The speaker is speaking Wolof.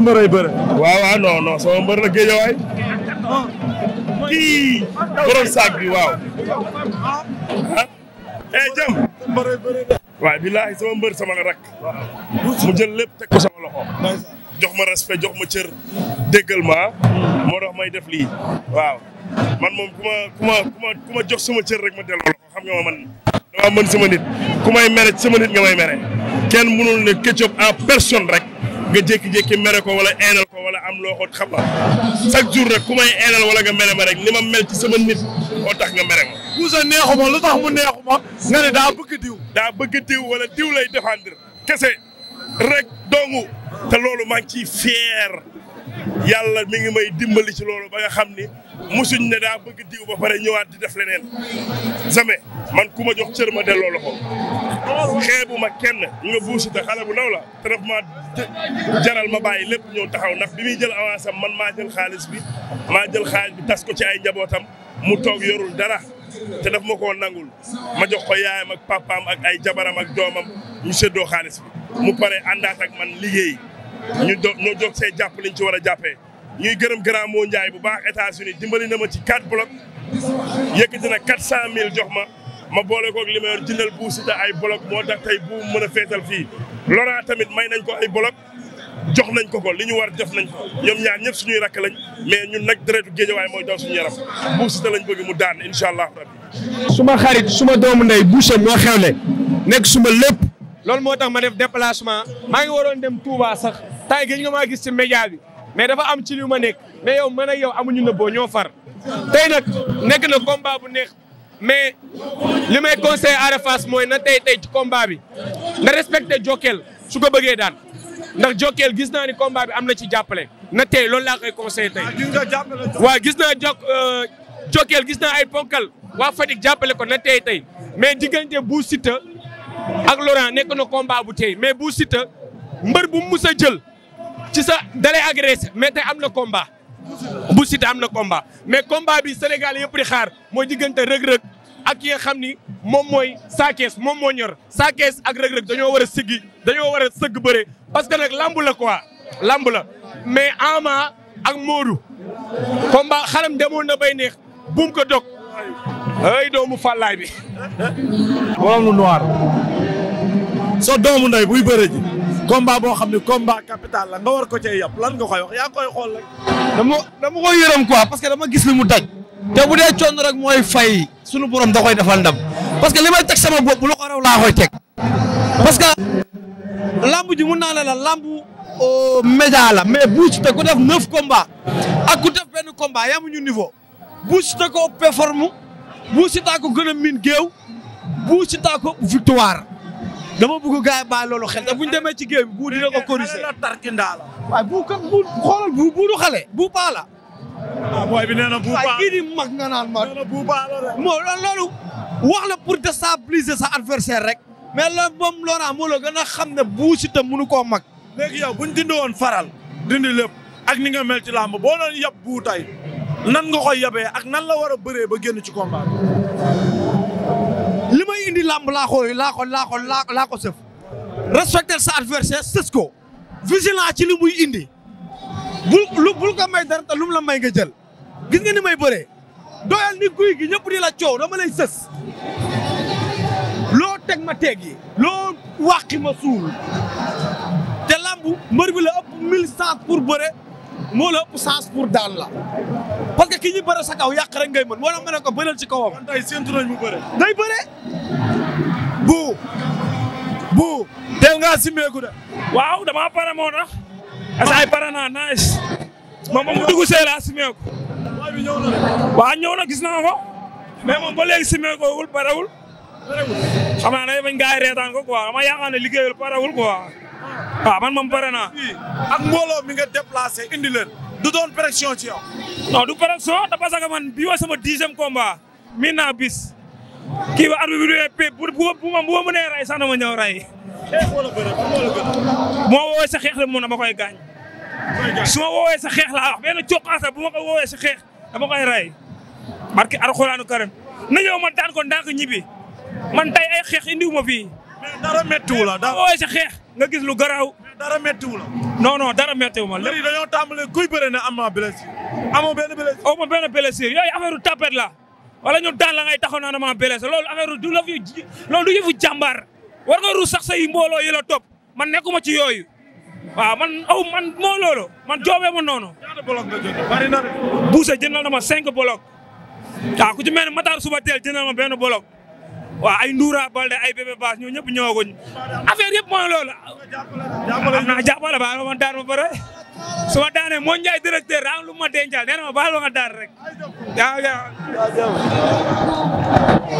mbëray bëre waaw waaw non non kii borom saag bi waaw ah eh jam waaw billaahi sama mbër sama rak mu jël lépp teg ko sama loxo jox ma jox ma cër déggal ma ah. moo may def lii waaw man moom ku ma ku ma ku ma ku ma jox sama cër rek ma delloo loxo xam nga ma man dama mën sama nit ku may mere sama nit nga may mere kenn mënul ne Ketchup en personne rek nga jékki-jékki mere ko wala eenal ko wala am loo xam la chaque jour rek ku may wala nga mere ma rek ni ma mel ci sama nit moo tax nga mere ma. Boucher neexuma lu tax mu ne daa bëgg diw. daa bëgg diw wala diw lay défendre kese rek dongu te loolu maa ngi ciy fier yàlla mi ngi may dimbali ci loolu ba nga xam ni musuñ ne daa bëgg diw ba pare ñëwaat di def leneen jamais man ku ma jox cër ma delloo loxo xeebu ma kenn nga buusi te xale bu ndaw la te daf ma jaral ma bàyyi lépp ñëw taxaw nax bi muy jël avance man maa jël xaalis bi maa jël xaalis bi tas ko ci ay njabootam mu toog yorul dara te daf ma koo nangul ma jox ko yaayam ak papaam ak ay jabaram ak doomam ñu séddoo xaalis bi mu pare àndaat ak man liggéey ñu do ñoo jóg see jàpp liñ ci war a jàppee ñuy gërëm grand moo Ndiaye bu baax États-Unis dimbali na ma ci 4 bloc yëkkati na 400000 jox ma ma boole koog lima ma yor jëndal ay bloc moo tax tey bu mën a féetal fii. Laurent tamit may nañ ko ay bloc jox nañ ko ko li ñu war def nañ ko ñoom ñaar ñëpp suñuy rakk lañ mais ñun nag deretu waaye mooy daw suñu yaram bu Siteu lañ bëgg mu daan incha allah rabbi. suma xarit suma doomu ndey Boucher moo xewle nekk suma lépp. loolu moo tax ma def déplacement maa ngi waroon dem Touba sax tay gi ñu nga maa gis si média bi mais dafa am ci li ma nekk mais yow man ak yow amuñu boo ñoo far tey nag nekk na combat bu neex mais li may conseil Ada Fass mooy na tey tey ci combat bi na respecté Jokal su ko bëggee daan ndax Jokal gis naa ni combat bi am na ci jàppale na tey loolu laa koy conseillé tey waa gis naa jok euh, Jokal gis naa ay ponkal waa Fatick jàppale ko na tey tey mais diggante bu Siteu ak Laurent nekk na combat bu tey mais bu Siteu mbër bu mus a jël ci sa dalay agressé mais tey am na combat. bu Siteu am na combat mais combat bi Sénégal yëpp di xaar mooy diggante rëg-rëg ak ki nga xam ni moom mooy saakees moom moo ñor saakees ak rëg-rëg dañoo war a siggi dañoo war a sëgg bëre parce que nag lamb ko quoi lamb la mais Ama ak Modou combat xalam demoon na bay neex bum ko dog ay doomu fàllaay bi. borom lu noir. so doomu ndey buy bëre ji. boo xam ne komba capital la nga war ko cee yàpp lan nga koy wax yaa koy xool rek. dama dama koy yërëm quoi parce que dama gis li mu daj. te bu dee coono rek mooy fay sunu borom da koy defal ndam parce que li may teg sama bopp lu ko raw laa koy teg. parce que lamb ji mun naa la la lamb euh, média la mais bu ci te ku def neuf combat ak ku def benn combat yamuñu niveau. Bou Siteu ko ëpp performe Bou Siteu ko gën a miin géew Bou Siteu victoire dama bëgg gars yi bàyyi loolu xel te ñu demee ci géew bi bu dina ko corriger waaye bu kat bu xoolal bu bu du la. ah nee na bu waaye kii di mag nga naan ma. nee na bu paa loolu wax la pour déstabiliser sa adversaire rek. mais loolu moom Laurent moo gën a xam ne Bou Siteu mënu koo mag. léegi yow bu ñu dindi woon faral dindi lépp ak ni nga mel ci làmb boo doon yab nan nga koy yabee ak nan la war a bëree ba génn ci combat li may indi làmb laa ko laa ko laa ko laa ko sëf respecter sa adversaire sës ko vigilant ci li muy indi bul lu bul dara te lu la may nga jël gis nga ni may bëree doyal ni guy gi ñëpp la coow dama lay sës loo teg ma teg yi loo wàqi ma suul te làmb mër bi la ëpp mille cent pour bëre moo la ëpp pour daan la parce que ki ñu bëre sa kaw yàq rek ngay mën moo tax ma ne ko bëreel ci kawam. kon tey séntu nañ mu bëre. day bëre. bu bu teel ngaa simmeeku de. waaw damaa pare moo tax. asaay pare naa nice. moom mu dugg see laa simmeeku. waaw na gis naa ko. mais moom ba léegi simmeeku wul parewul. parewul xam naa day bañ gars yi reetaan ko quoi dama yaakaar ne liggéeyul parewul quoi. waaw ah, man moom pare naa. ak mbooloo mi nga déplacé indi leen. du doon pression ci yow. non du pression da parce que man bii waa sama dixième combat. miin naa bis. kii ba arbitre bi du yee bu bu bu ma mënee ray sax na ma ñëw ray. moo woowee sa xeex la mu ne ma koy gaañ. su woowee sa xeex laa wax benn coxaasa bu ma ko woowee sa xeex dama koy ray. barki alxuraanu karim na ñëw ma daan ko ndànk ñibbi man tay ay xeex indiwu ma fii. mais dara la sa xeex nga gis lu garaaw. dara méttiwu la. non non dara méttiwu ma. lépp léegi dañoo tàmbalee kuy bëre ne am naa blessure. amoo benn blessure. amoo benn blessure yooyu affaire tapet taxaw naa dama blessure loolu affaire du la fi loolu du yëfu jàmbaar war nga ruus sax say mbooloo yi la topp man nekkuma ci yooyu. waaw man aw man man joobee ma noonu. ñaata bolok nga jënd bari na de. Bousse jëndal ma cinq bolok. waaw ku ci mel ne suba teel jëndal ma benn bolok. waaw ay nduuraa Balde ay Bébé Baas ñoo ñëpp ñëwaguñ affaire yëpp mooy loolu. a naa jàppale baal ma ma daan ba pare su daanee moo Njaay directeur daa am lu ma dencal nee na ma baal ma ma daan rek waaw waaw.